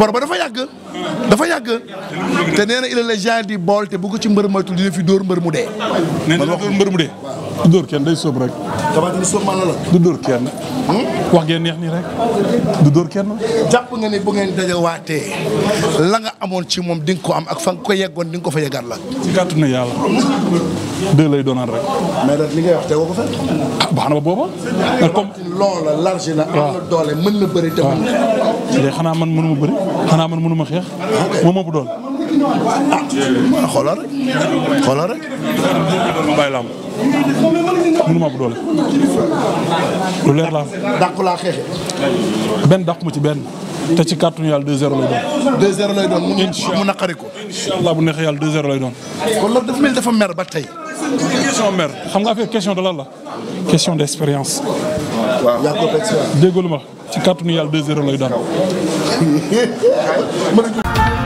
bor ba dafa yàgg. dafa yàgg. te nee na il est le genre du bool te bu ko ci mbër moytu dina fi dóor mbër mu dee. nee na mbër mu dee. dóor kenn day sóob rek. Tapha Tine sóomaan na la. du dóor kenn. Hmm? wax ngeen neex nii rek du dóor kenn. jàpp nga ni bu ngeen dajawaatee la nga amoon ci moom di ko am ak fa nga ko yeggoon di nga ko fa yeggaat la. ci kàttu na yàlla deux lay doonaat rek. mais nag li ngay wax tegoo ko fa. ah na ba booba. comme loola large la am na doole mën na bëri te xanaa man mënu ma bëri xanaa man mënu ma xeex. moom moo bu dool ah xoolal rek xoolal rek. bàyyi am. mënuma ko doole lu leer laa dàqu laa xeexe benn dàqu ma ci benn te ci kàttanu yàlla 2-0 lay doon. 2-0 lay doon mu naqari ko. incha allah bu neexee yàlla 2-0 lay doon. kon loolu dafa mel dafa mer ba tey. question mer xam nga affaire question de lan la. question d' expérience. waaw yaa ko déggalu ma ci kàttanu yàlla 2-0 lay doon.